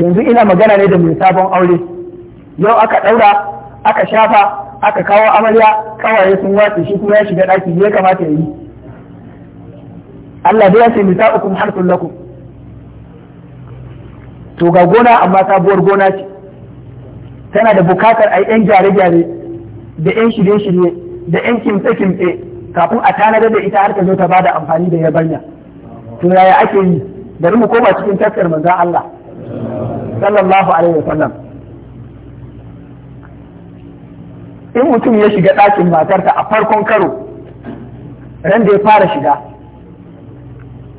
yanzu ina magana ne da mai sabon aure yau aka ɗaura aka shafa aka kawo amarya kawaye sun wace shi kuma ya shiga ɗaki ya kamata ya yi Allah dai ya ce nisa'ukum har lakum to ga gona amma sabuwar gona ce tana da bukatar a yi 'yan gyare-gyare da 'yan shirye-shirye da 'yan kimtse-kimtse kafin a tanadar da ita har ta zo ta bada amfani da yabanya to yaya ake yi bari mu koma cikin tafsir manzan Allah sallallahu عليه وسلم in mutum ya shiga ɗakin matarta a farkon karo ran da ya fara shiga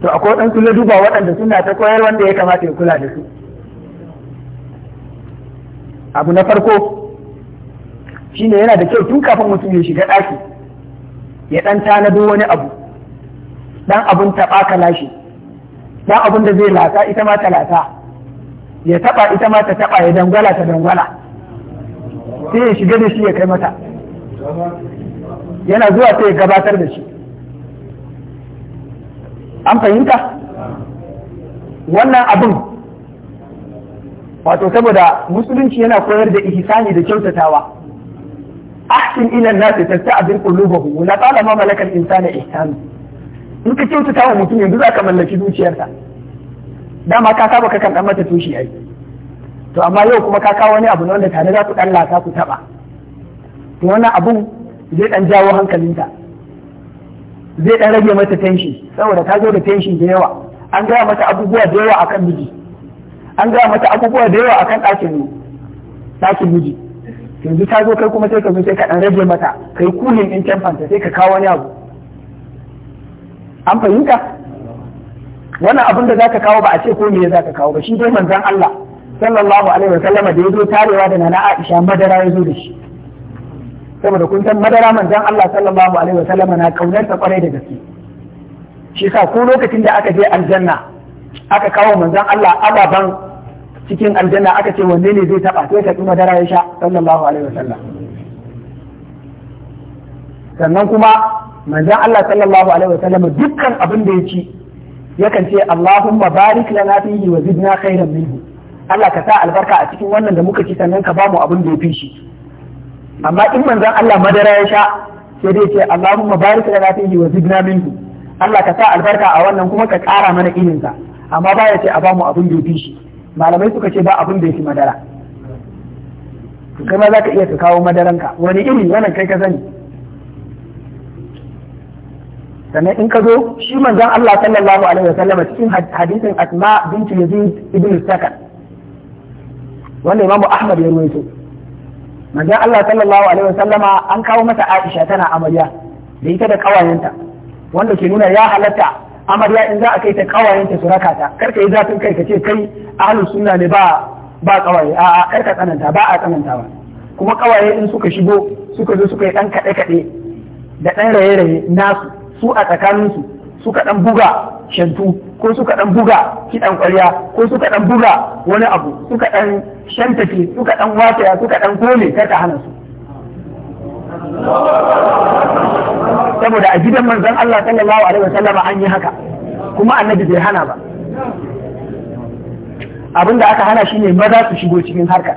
to akwai ɗan na duba waɗanda suna ta koyar wanda ya kamata ya kula da su abu na farko shine yana da kyau tun kafin mutum ya shiga ɗaki ya ɗan tanado wani abu ɗan abun taɓa ka lashe ɗan abun da zai lasa ita ma ta lasa ya taba ita ma ta taba ya dangwala ta dangwala sai ya shiga da shi ya kai mata yana zuwa sai ya gabatar da shi an fahimta wannan abin wato saboda musulunci yana koyar da ihsani da kyautatawa ahsin ila nasi tasta'bir abin wa la ta'lamu malakal insana ihsan in ka kyautatawa mutum yanzu zaka mallaki zuciyarsa dama ka saba kakan dan mata tushi ai to amma yau kuma ka kawo wani abu ne wanda tare za ku dan lasa ku taba to wannan abun zai dan jawo hankalinta zai dan rage mata tenshi saboda ta zo da tenshi da yawa an gaya mata abubuwa da yawa akan miji an gaya mata abubuwa da yawa akan ɗakin ɗakin miji yanzu ta zo kai kuma sai ka zo sai ka dan rage mata kai kulin in temfanta sai ka kawo wani abu an fahimta wannan abin da zaka kawo ba a ce ko me zaka kawo ba shi dai manzon Allah sallallahu alaihi wa sallama da yazo tarewa da nana Aisha madara yazo da shi saboda kun san madara manzon Allah sallallahu alaihi wa sallama na kaunar ta kwarai da gaske shi sa ko lokacin da aka je aljanna aka kawo manzon Allah ababan cikin aljanna aka ce wanne ne zai taba sai ta madara ya sha sallallahu alaihi wa sallam sannan kuma manzon Allah sallallahu alaihi wa sallama dukkan abin da ya ci yakan ce Allahumma barik lana fihi wa zidna khairan minhu Allah ka sa albarka a cikin wannan da muka ci sannan ka mu abin da fi shi amma in manzon Allah madara ya sha sai dai ce Allahumma barik lana fihi wa zidna minhu Allah ka sa albarka a wannan kuma ka ƙara mana irin sa amma ya ce a mu abin da fi shi malamai suka ce ba abin da fi madara kai ma za ka iya ka kawo madaranka wani iri wannan kai ka sani sannan in ka zo shi manzon Allah sallallahu alaihi wasallam cikin hadisin Asma bint Yazid ibn Sakan wanda Imam Ahmad ya rawaito manzon Allah sallallahu alaihi wasallam an kawo masa Aisha tana amarya da ita da kawayenta wanda ke nuna ya halatta amarya in za a kai ta kawayenta su raka ta karka yi zafin kai ka ce kai ahlus sunna ne ba ba kawaye a a karka tsananta ba a tsanantawa kuma kawaye in suka shigo suka zo suka yi ɗan kaɗe-kaɗe da ɗan raye-raye nasu su a tsakaninsu suka ɗan buga shantu ko suka ɗan buga kiɗan ƙwarya ko suka ɗan buga wani abu suka dan shantafi suka ɗan wataya suka ɗan kone, kar ka hana su saboda a gidan manzon Allah sallallahu alaihi wasallama an yi haka kuma annabi bai hana ba Abin da aka hana shi ne maza su shigo cikin harka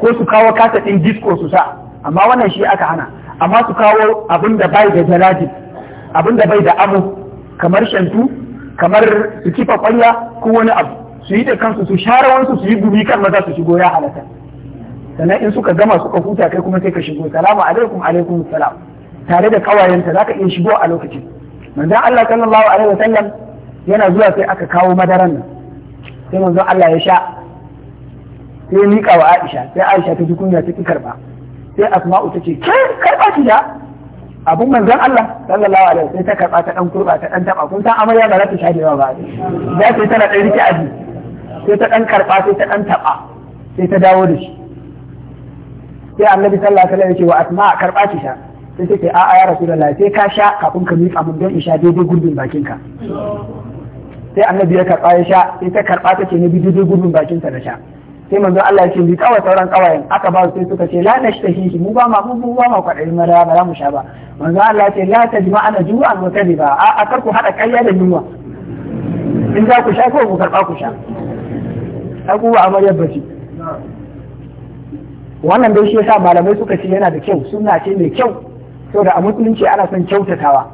ko su kawo kasa ɗin disko su sa amma wannan shi aka hana amma su kawo abin da bai da jalaji abin da bai da abu kamar shantu kamar su kifa kwanya ko wani abu su yi da kansu su share wansu su yi gumi kan maza su shigo ya halaka sannan in suka gama suka huta kai kuma sai ka shigo salamu alaikum alaikum salam tare da kawayenta zaka iya shigo a lokacin manzon Allah sallallahu alaihi wasallam yana zuwa sai aka kawo madaran nan sai manzon Allah ya sha sai ya miƙa wa Aisha sai Aisha ta ji kunya ta kikarba karba sai Asma'u ta ce ke karba ki da abun manzon Allah sallallahu alaihi wasallam ta karba ta dan kurba ta dan taba kun san amarya ba za ta shade ba za ta tana dai rike abi sai ta dan karba sai ta dan taba sai ta dawo da shi sai annabi sallallahu alaihi wasallam ya ce wa asma karba ki sha sai take a a ya rasulullahi sai ka sha kafin ka miƙa mun don in sha daidai gurbin bakin ka sai annabi ya karba ya sha sai ta karba ta ce ne daidai gurbin bakin ta na sha sai manzon Allah ya ce bi kawai sauran kawayen aka ba su sai suka ce la nashtahi mu ba ma mu ba ma kwadai mara ba za mu sha ba manzon Allah ya ce la tajma'ana ju'an wa kadiba a a kar ku hada ƙarya da yunwa in za ku sha ko ku karba ku sha abubuwa amaryar bace wannan dai shi yasa malamai suka ce yana da kyau suna ce mai kyau Sau da a musulunci ana son kyautatawa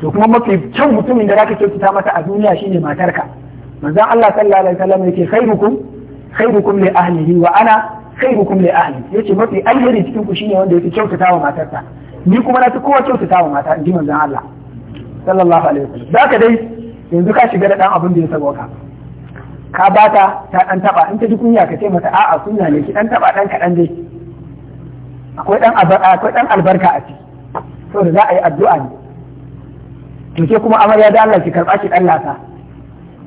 to kuma mafi kyau mutumin da za zaka kyautata mata a duniya shine matarka manzon Allah sallallahu alaihi wasallam yake khairukum khairukum li ahlihi wa ana khairukum li ahli yace mafi alheri cikin ku shine wanda yake kyautata wa matarsa ni kuma na fi kowa kyautata wa mata in ji manzon Allah sallallahu alaihi wasallam da ka dai yanzu ka shiga da dan abin da ya saba ka ka bata ta dan taba in ta ji kunya ka ce mata a'a kunya ne ki dan taba dan kadan dai akwai dan akwai dan albarka a ciki da za a yi addu'a ne to ke kuma amarya da Allah ki karba shi dan lasa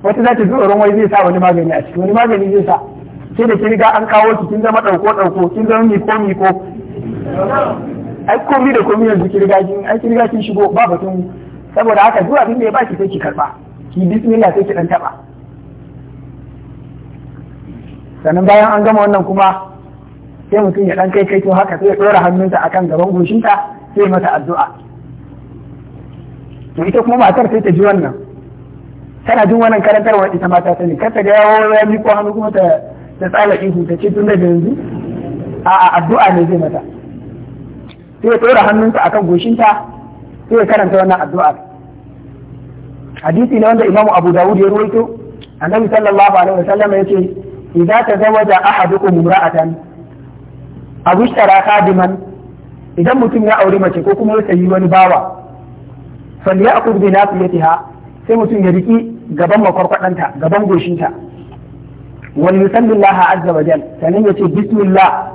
wata za ta zo wai zai sa wani magani a ciki wani magani zai sa sai da ga an kawo ki kin zama ɗauko ɗauko kin zama miko miko ai komi da komi yanzu ki riga kin ai ki riga kin shigo ba tun saboda haka zuwa abin da ya baki sai ki karba ki bismillah sai ki dan taba sannan bayan an gama wannan kuma sai mutum ya dan kai kai to haka sai ya dora hannunsa akan gaban goshinta sai mata addu'a to ita kuma matar sai ta ji wannan tana jin wannan karantarwa ita mata ta ne kar ta ga yawo ya miko hannu kuma ta da tsala ihu ta ce tun daga yanzu a addu'a ne zai mata sai ya tsora hannunsa akan goshinta sai ya karanta wannan addu'a hadisi ne wanda imamu abu dawud ya ruwaito annabi sallallahu alaihi wasallam ya ce ta idza tazawaja ahadukum imra'atan aw ishtara khadiman idan mutum ya aure mace ko kuma ya sayi wani bawa falyakul bi nafiyatiha sai mutum ya riki gaban makwarkwadanta gaban goshinta Wani yusalli Allah azza wa jal sanan yace bismillah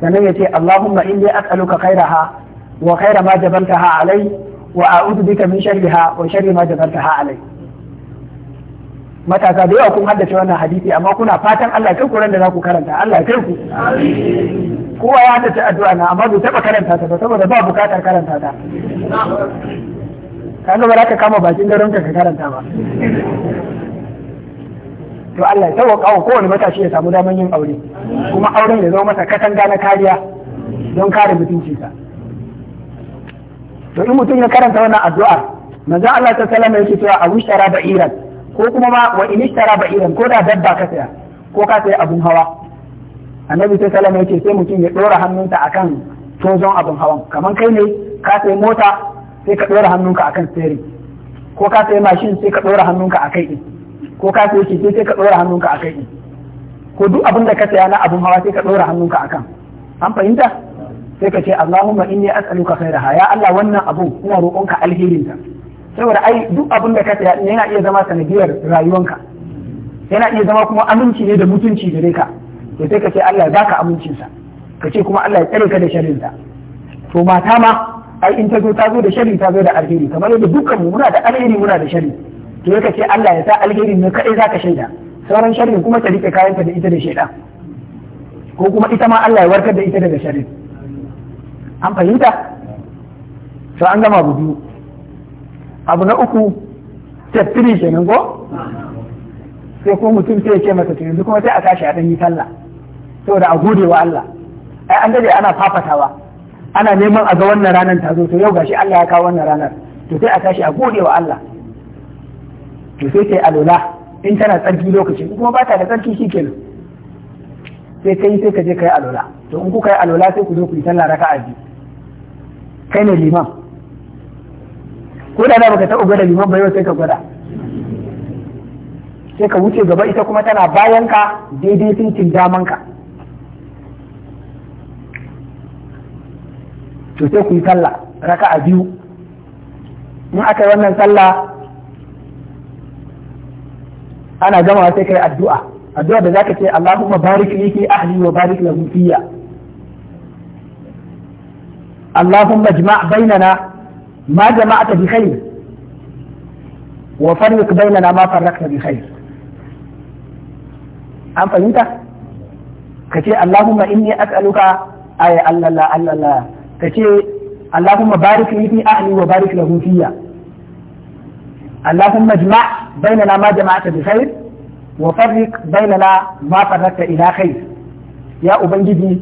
sanan yace Allahumma inni as'aluka khairaha wa khaira ma jabaltaha alai wa a'udhu bika min wa ma alai matasa da yawa kun haddace wannan hadisi amma kuna fatan Allah kai kuran da za ku karanta Allah kai ku kowa ya haddace addu'a na amma bai taba karanta ta ba saboda ba bukatar karanta ta kaga ba za ka kama bakin garin ka karanta ba to Allah ya sauƙa wa kowane matashi ya samu daman yin aure kuma auren ya zama masa katanga na kariya don kare mutuncinsa to in mutum ya karanta wannan addu'a manzo Allah ta sallama yake cewa abu shara da iran ko kuma ma wa in shara ba iran ko da dabba ka saya ko ka saya abun hawa annabi ta sallama yake sai mutum ya dora hannunsa akan tozon abun hawan kamar kai ne ka sayi mota sai ka dora hannunka akan steering ko ka sayi mashin sai ka dora hannunka akai din ko ka sai shi sai ka ɗora hannunka a kai ko duk abin da ka saya na abin hawa sai ka ɗora hannunka a kan an fahimta sai ka ce Allahumma inni as'aluka khairaha ya Allah wannan abun ina roƙonka alherinta saboda ai duk abin da ka saya yana iya zama sanadiyar rayuwanka yana iya zama kuma aminci ne da mutunci gare ka to sai ka ce Allah ya baka amincinsa ka ce kuma Allah ya tsare ka da sharrinsa to mata ma ai in ta zo ta zo da sharri ta zo da alheri kamar yadda dukkan muna da alheri muna da sharri to ya ce Allah ya sa alheri ne kadai ka shaida sauran sharrin kuma ta rike kayanta da ita da shaida ko kuma ita ma Allah ya warkar da ita daga sharrin an fahimta to an gama bu biyu abu na uku tattiri kenan ko sai ko mutum sai ya ce masa yanzu kuma sai a tashi a dan yi sallah saboda a gode wa Allah ai an dade ana fafatawa ana neman a ga wannan ranar ta zo to yau gashi Allah ya kawo wannan ranar to sai a tashi a gode wa Allah to sai kai alola in tana tsarki lokaci in kuma ba ta da tsarki shi kenan sai kai sai ka je ka yi alola to in kuka yi alola sai ku zo ku yi sallah raka'a biyu kai ne liman ko da baka taɓa gwada liman ba yau sai ka gwada sai ka wuce gaba ita kuma tana bayan ka daidai sinkin daman ka to sai ku yi sallah raka'a biyu in aka yi wannan sallah ana gama sai kai addu'a addu'a da zaka ce Allahumma barik li fi ahli wa barik lahu fiyya Allahumma jma' bainana ma jama'ata bi khair wa farriq bainana ma farraqta bi khair an fahimta ka ce Allahumma inni as'aluka ay Allah la Allah la ka ce Allahumma barik li fi ahli wa barik lahu fiyya اللهم اجمع بيننا ما جمعت بخير وفرق بيننا ما فرقت إلى خير يا أبنجدي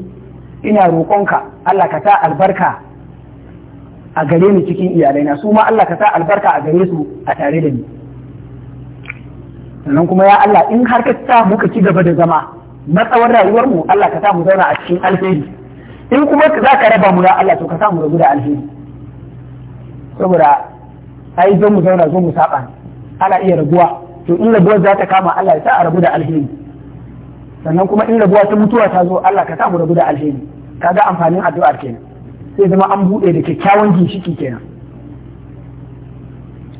ina roƙonka Allah ka sa albarka a gare ni cikin iyalaina su ma Allah ka sa albarka a gare su a tare da ni sannan kuma ya Allah in har ka sa muka ci gaba da zama na tsawon rayuwar mu Allah ka sa mu zauna a cikin alheri in kuma za ka raba mu da Allah to ka sa mu rabu da alheri saboda ai zo mu zauna zo mu saba ana iya rabuwa to in rabuwar za ta kama Allah ya sa a rabu da alheri sannan kuma in rabuwa ta mutuwa ta zo Allah ka sa mu rabu da alheri kaga amfanin addu'ar kenan sai zama an bude da kyakkyawan ginshiki kenan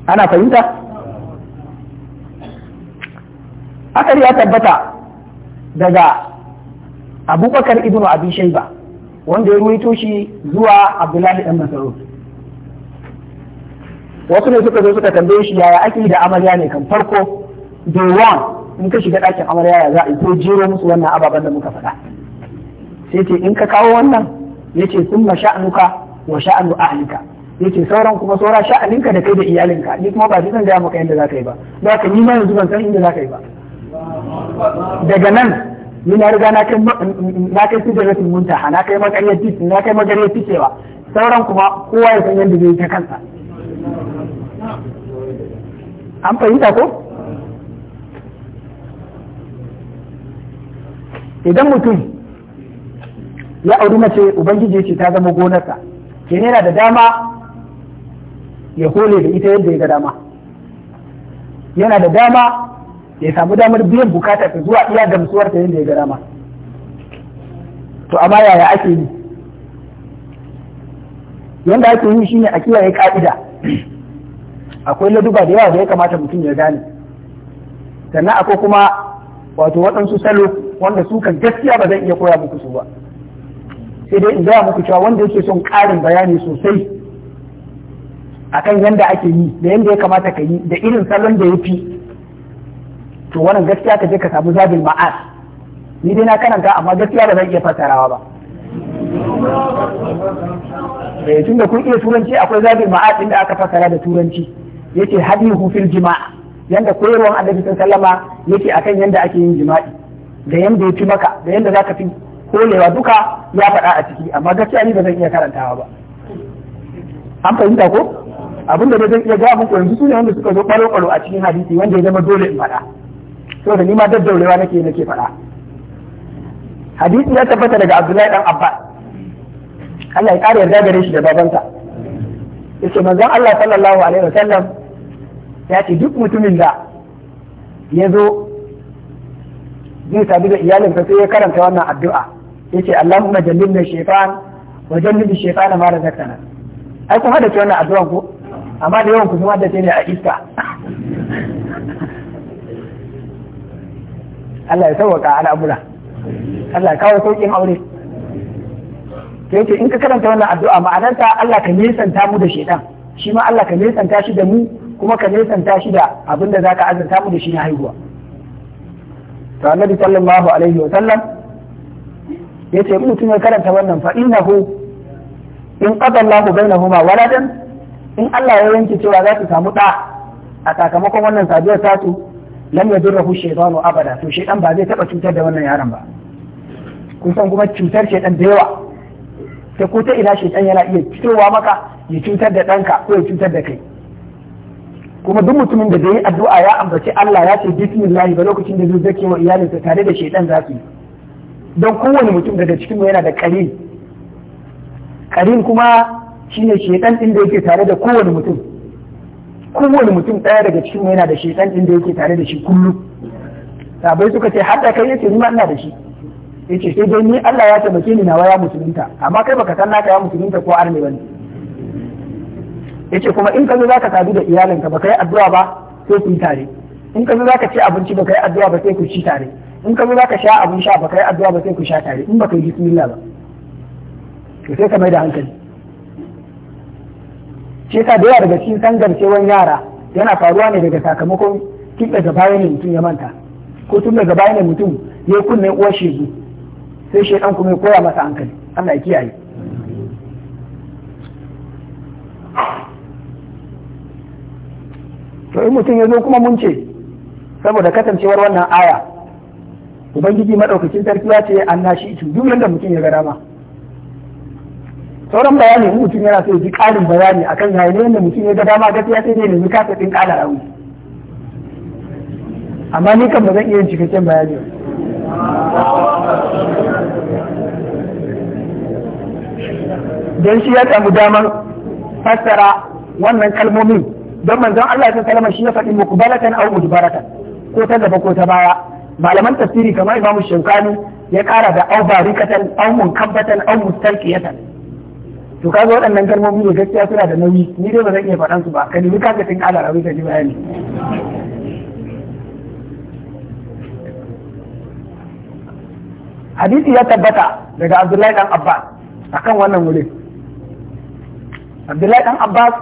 ana fahimta akari ya tabbata daga abubakar ibnu abi shaiba wanda ya ruwaito shi zuwa abdullahi dan Mas'ud wasu ne suka zo suka tambaye shi yaya ake da amarya ne kan farko day one in ka shiga ɗakin amarya ya za a ko jero musu wannan ababen da muka faɗa sai ce in ka kawo wannan ya ce sun ma sha'anuka wa sha'anu ahlika ce sauran kuma saura sha'aninka da kai da iyalinka ni kuma ba zan gaya maka yadda za ka yi ba Ba ka nima ma yanzu ban san inda za ka yi ba daga nan ni na riga na kai na kai sidratul muntaha na kai magariyar titi na kai magariyar tikewa sauran kuma kowa ya san yadda zai ta kansa an fahimta ko idan mutum ya auri mace ubangiji ce ta zama gonarsa ke yana da dama ya hole da ita yadda ya ga dama yana da dama ya samu damar biyan bukata ta zuwa iya gamsuwar ta yadda ya ga dama to amma yaya ake yi yanda ake yi shi ne a kiyaye ka'ida akwai laduba da yawa da ya kamata mutum ya gane sannan akwai kuma wato waɗansu salo wanda su kan gaskiya ba zan iya koya muku su ba sai dai in gaya muku cewa wanda yake son ƙarin bayani sosai akan yanda ake yi da yanda ya kamata ka yi da irin salon da ya fi to wannan gaskiya ka je ka samu zabin ma'as ni dai na karanta amma gaskiya ba zan iya fassarawa ba eh, tun da kun iya turanci akwai zabin ma'as inda aka fassara da turanci yace hadihu fil jima'a yanda koyarwan annabi sallama yake akan yanda ake yin jima'i da yanda ya fi maka da yanda zaka fi kolewa duka ya faɗa a ciki amma gaskiya ni ba zan iya karantawa ba an fahimta ko abin da zan iya ga muku yanzu sune wanda suka zo balo balo a cikin hadisi wanda ya zama dole in faɗa da ni ma daddaurewa nake nake faɗa hadisi ya tabbata daga Abdullahi dan Abba Allah ya ƙara yarda gare shi da babansa yace manzon Allah sallallahu alaihi wasallam ya ce duk mutumin da ya zo zai sadu da iyalinsa sai ya karanta wannan addu'a ya ce Allahumma jallibna shaytan wa jallibi shaytan ma zakana ai kun hada ce wannan addu'an ku amma da yawan ku kuma da ne a iska Allah ya sauwaka al'amura Allah ya kawo sauƙin aure ke ce in ka karanta wannan addu'a ma'anarta Allah ka nesanta mu da shaitan shi ma Allah ka nesanta shi da mu kuma ka nesanta shi da abin da zaka azanta mu da shi na haihuwa to annabi sallallahu alaihi wa sallam yace in mutum ya karanta wannan fa innahu in qada Allahu bainahuma waladan in Allah ya yanke cewa za su samu da a sakamakon wannan sabiyar tatu lam yadurruhu shaytanu abada to shaytan ba zai taba cutar da wannan yaron ba kusan kuma cutar shaytan da yawa sai ko ta ina shaytan yana iya fitowa maka ya cutar da ɗanka ko ya cutar da kai kuma duk mutumin da zai addu'a ya ambaci Allah ya ce bismillah ba lokacin da zai zake wa iyalinsa tare da shedan zafi. don kowane mutum daga cikin yana da karin karin kuma shine shedan din da yake tare da kowane mutum kowane mutum ɗaya daga cikin yana da shedan din da yake tare da shi kullum sabai suka ce hadda kai yace ni ma ina da shi yace sai dai ni Allah ya taimake ni nawa ya musulunta amma kai baka san naka ya musulunta ko arne bane yace kuma in ka zo ka sadu da iyalinka baka yi addu'a ba sai ku yi tare in ka zo zaka ci abinci baka yi addu'a ba sai ku ci tare in ka zo zaka sha abin sha baka yi addu'a ba sai ku sha tare in baka yi bismillah ba to sai ka mai da hankali shi yasa da yawa daga cikin sangarcewan yara yana faruwa ne daga sakamakon tun daga baya ne mutum ya manta ko tun daga baya ne mutum ya kunne uwar shegu sai shaidan kuma ya koya masa hankali Allah ya kiyaye to in mutum ya zo kuma mun ce saboda kasancewar wannan aya ubangiji madaukakin sarki ya ce an nashi duk wanda mutum ya ga dama sauran bayani in mutum yana so ya ji ƙarin bayani akan yayi ne yadda mutum ya ga dama gaskiya sai ne nemi kasa din ƙara rauni amma ni kan ba zan iya yin cikakken bayani don shi ya samu damar fassara wannan kalmomin don manzon Allah ta salama shi ya faɗi mukbalatan aw mudbaratan ko ta gaba ko ta baya malaman tafsiri kamar Imam Shinkani ya ƙara da aw barikatan aw au aw mustalqiyatan to kaga waɗannan kalmomi ne gaskiya suna da nauyi ni dai ba zan iya faɗan su ba ka nemi kaga tun ƙara rawi ka ji bayani hadisi ya tabbata daga Abdullahi dan Abbas akan wannan wurin Abdullahi dan Abbas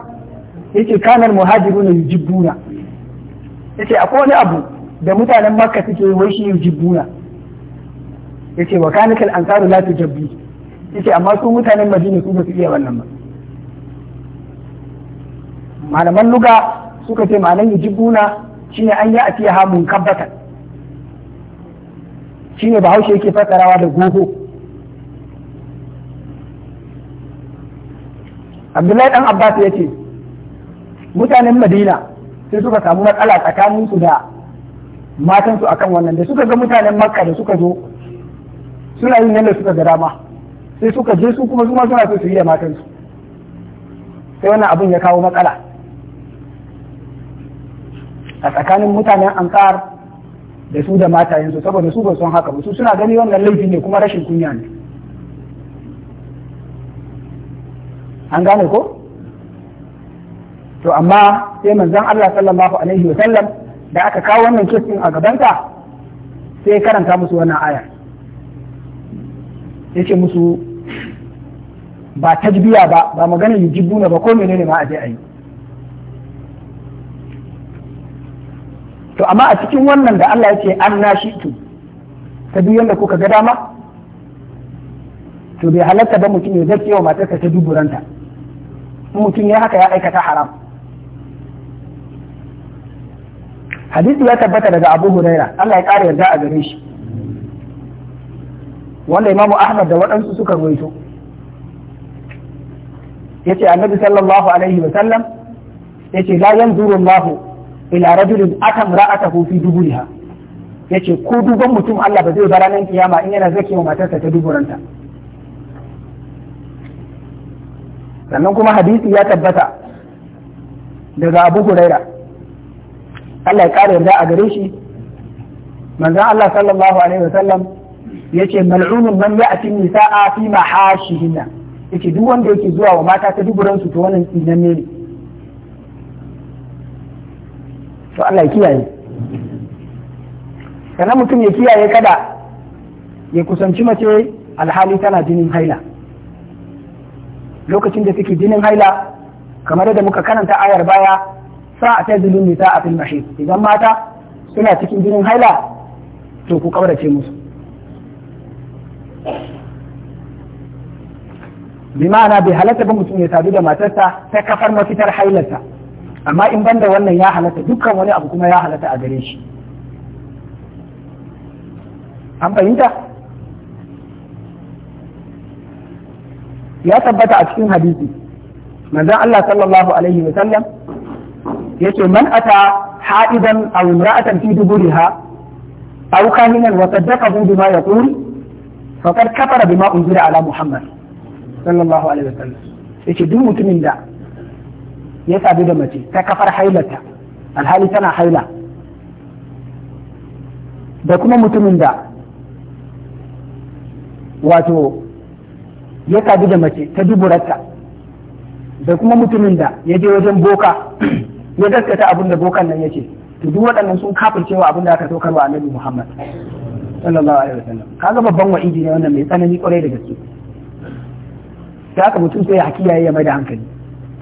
yace kanar muhajiruna yujibbuna yace akwai wani abu da mutanen makka suke wai shi yujibbuna yace wa kanikal ansaru la tujabbi yace amma su mutanen madina su ba su iya wannan ba malaman luga suka ce ma'anan yujibbuna shine an yi atiya ha munkabbatan shine bahaushe yake fasarawa da gogo Abdullahi ɗan Abbas ya ce mutanen madina sai suka samu matsala tsakanin su da matan akan wannan da suka ga mutanen makka da suka zo suna yin yadda suka ga dama sai suka je su kuma su suna so su yi da matan sai wannan abin ya kawo matsala a tsakanin mutanen ansar da su da matayensu saboda su ba son haka ba su suna gani wannan laifi ne kuma rashin kunya ne an gane ko to amma sai manzon Allah sallallahu alaihi wa sallam da aka kawo wannan kisin a gabanta sai karanta musu wannan aya yake musu ba tajbiya ba ba magana jibuna ba ko menene ma a je a yi to amma a cikin wannan da Allah yake an nashi tu ta duk yanda kuka ga dama to bai halatta ba mutum ya zarce wa matarsa ta duburanta mutum ya haka ya aikata haram hadisi ya tabbata daga Abu Huraira Allah ya kare yarda a gare shi wanda Imam Ahmad da waɗansu suka ruwaito yace Annabi sallallahu alaihi wa sallam Ya ce la yanzuru Allahu ila rajulin atam dubu fi Ya ce ko duban mutum Allah ba zai bara nan kiyama in yana wa matarsa ta duburanta sannan kuma hadisi ya tabbata daga Abu Huraira Allah ya ƙara yarda a gare shi manzon Allah sallallahu alaihi wa sallam yace mal'unun man ya'ti nisa'a fi mahashihinna yace duk wanda yake zuwa wa mata ta duburan su to wannan tsinanne ne to Allah ya kiyaye sannan mutum ya kiyaye kada ya kusanci mace alhali tana jinin haila lokacin da take jinin haila kamar da muka karanta ayar baya fa ta zulun nisa a fil mahid idan mata suna cikin jinin haila to ku kaurace musu bi ma'ana bai halatta ba mutum ya sadu da matarsa ta kafar mafitar hailarsa amma in banda wannan ya halatta dukkan wani abu kuma ya halarta a gare shi an fahimta ya tabbata a cikin hadisi manzon Allah sallallahu yace man ata ha'idan aw imra'atan fi duburiha aw kahinan wa bi ma yaqul faqad kafara bima unzila ala muhammad sallallahu alaihi wasallam yace duk mutumin da ya sabu da mace ta kafar hailata alhali tana haila da kuma mutumin da wato ya sabu da mace ta duburarta da kuma mutumin da ya je wajen boka ya gaskata abin da bokan nan yake to duk waɗannan sun wa abin da aka saukar wa annabi Muhammad sallallahu alaihi wasallam kaga babban wa'idi ne wannan mai tsanani kwarai da gaske da aka mutum sai ya kiyaye ya mai da hankali